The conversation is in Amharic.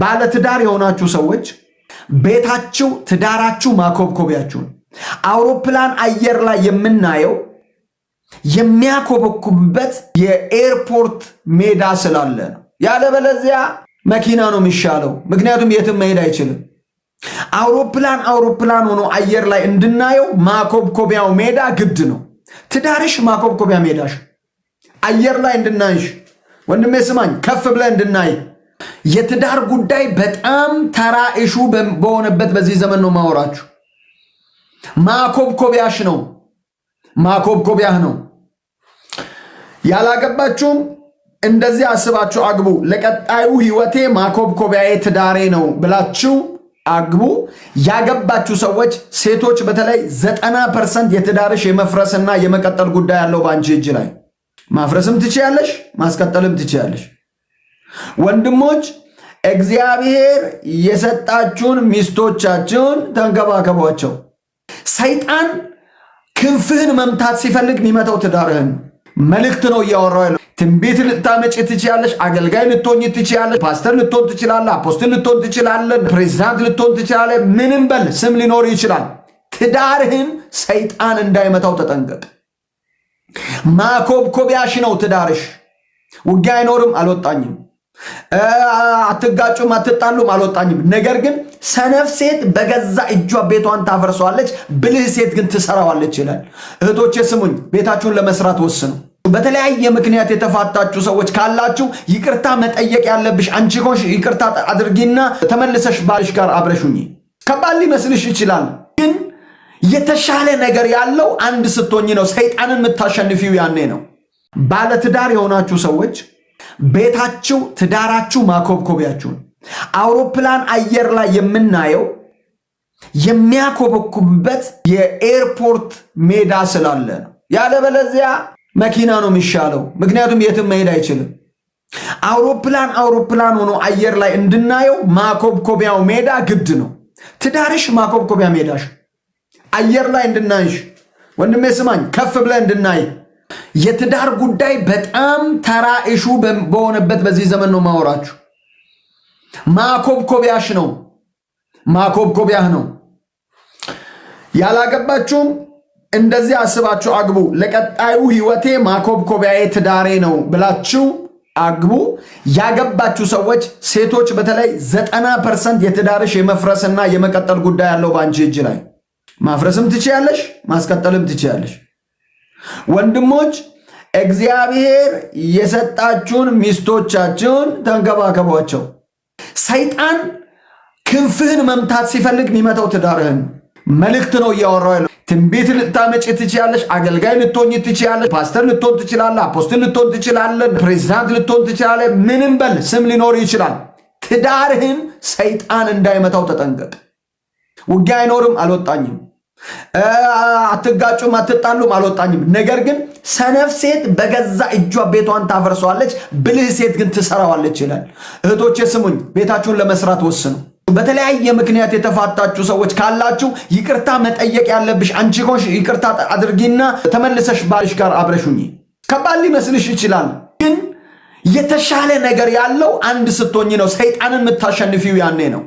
ባለትዳር የሆናችሁ ሰዎች ቤታችሁ ትዳራችሁ ማኮብኮቢያችሁን አውሮፕላን አየር ላይ የምናየው የሚያኮበኩብበት የኤርፖርት ሜዳ ስላለ ነው። ያለበለዚያ መኪና ነው የሚሻለው። ምክንያቱም የትም መሄድ አይችልም። አውሮፕላን አውሮፕላን ሆኖ አየር ላይ እንድናየው ማኮብኮቢያው ሜዳ ግድ ነው። ትዳርሽ ማኮብኮቢያ ሜዳሽ አየር ላይ እንድናይሽ፣ ወንድሜ ስማኝ፣ ከፍ ብለህ እንድናይ የትዳር ጉዳይ በጣም ተራ ኢሹ በሆነበት በዚህ ዘመን ነው ማወራችሁ። ማኮብኮቢያሽ ነው፣ ማኮብኮቢያህ ነው። ያላገባችሁም እንደዚህ አስባችሁ አግቡ። ለቀጣዩ ህይወቴ ማኮብኮቢያዬ ትዳሬ ነው ብላችሁ አግቡ። ያገባችሁ ሰዎች ሴቶች በተለይ ዘጠና ፐርሰንት የትዳርሽ የመፍረስና የመቀጠል ጉዳይ ያለው በአንቺ እጅ ላይ። ማፍረስም ትችያለሽ፣ ማስቀጠልም ትችያለሽ። ወንድሞች እግዚአብሔር የሰጣችሁን ሚስቶቻችሁን ተንከባከቧቸው። ሰይጣን ክንፍህን መምታት ሲፈልግ የሚመታው ትዳርህን መልእክት ነው እያወራው ያለው። ትንቢት ልታመጭ ትችላለሽ፣ አገልጋይ ልትሆኝ ትችላለሽ፣ ፓስተር ልትሆን ትችላለ፣ አፖስትል ልትሆን ትችላለ፣ ፕሬዚዳንት ልትሆን ትችላለ። ምንም በል ስም ሊኖር ይችላል። ትዳርህን ሰይጣን እንዳይመታው ተጠንቀቅ። ማኮብኮቢያሽ ነው ትዳርሽ። ውጊያ አይኖርም፣ አልወጣኝም አትጋጩም፣ አትጣሉም፣ አልወጣኝም። ነገር ግን ሰነፍ ሴት በገዛ እጇ ቤቷን ታፈርሰዋለች፣ ብልህ ሴት ግን ትሰራዋለች ይላል። እህቶቼ ስሙኝ፣ ቤታችሁን ለመስራት ወስኑ። በተለያየ ምክንያት የተፋታችሁ ሰዎች ካላችሁ ይቅርታ መጠየቅ ያለብሽ አንቺ ኮንሽ። ይቅርታ አድርጊና ተመልሰሽ ባልሽ ጋር አብረሹኝ። ከባድ ሊመስልሽ ይችላል፣ ግን የተሻለ ነገር ያለው አንድ ስትሆኝ ነው። ሰይጣንን የምታሸንፊው ያኔ ነው። ባለትዳር የሆናችሁ ሰዎች ቤታችሁ፣ ትዳራችሁ ማኮብኮቢያችሁን አውሮፕላን አየር ላይ የምናየው የሚያኮበኩብበት የኤርፖርት ሜዳ ስላለ ነው። ያለበለዚያ መኪና ነው የሚሻለው። ምክንያቱም የትም መሄድ አይችልም። አውሮፕላን አውሮፕላን ሆኖ አየር ላይ እንድናየው ማኮብኮቢያው ሜዳ ግድ ነው። ትዳርሽ ማኮብኮቢያ ሜዳሽ አየር ላይ እንድናይሽ፣ ወንድሜ ስማኝ፣ ከፍ ብለህ እንድናይ የትዳር ጉዳይ በጣም ተራ ኢሹ በሆነበት በዚህ ዘመን ነው ማወራችሁ። ማኮብኮቢያሽ ነው፣ ማኮብኮቢያህ ነው። ያላገባችሁም እንደዚህ አስባችሁ አግቡ። ለቀጣዩ ህይወቴ ማኮብኮቢያዬ ትዳሬ ነው ብላችሁ አግቡ። ያገባችሁ ሰዎች ሴቶች በተለይ ዘጠና ፐርሰንት የትዳርሽ የመፍረስና የመቀጠል ጉዳይ ያለው በአንቺ እጅ ላይ። ማፍረስም ትችያለሽ፣ ማስቀጠልም ትችያለሽ። ወንድሞች እግዚአብሔር የሰጣችሁን ሚስቶቻችሁን ተንከባከቧቸው። ሰይጣን ክንፍህን መምታት ሲፈልግ የሚመታው ትዳርህን መልእክት ነው እያወራው ያለው። ትንቢት ልታመጭ ትችላለሽ፣ አገልጋይ ልትሆኝ ትችላለሽ፣ ፓስተር ልትሆን ትችላለ፣ አፖስትል ልትሆን ትችላለ፣ ፕሬዚዳንት ልትሆን ትችላለ። ምንም በል ስም ሊኖር ይችላል። ትዳርህን ሰይጣን እንዳይመታው ተጠንቀቅ። ውጊያ አይኖርም፣ አልወጣኝም አትጋጩም፣ አትጣሉም፣ አልወጣኝም። ነገር ግን ሰነፍ ሴት በገዛ እጇ ቤቷን ታፈርሰዋለች፣ ብልህ ሴት ግን ትሰራዋለች ይላል። እህቶቼ ስሙኝ፣ ቤታችሁን ለመስራት ወስኑ። በተለያየ ምክንያት የተፋታችሁ ሰዎች ካላችሁ ይቅርታ መጠየቅ ያለብሽ አንቺ ሆንሽ። ይቅርታ አድርጊና ተመልሰሽ ባልሽ ጋር አብረሹኝ። ከባድ ሊመስልሽ ይችላል፣ ግን የተሻለ ነገር ያለው አንድ ስትሆኝ ነው። ሰይጣንን የምታሸንፊው ያኔ ነው።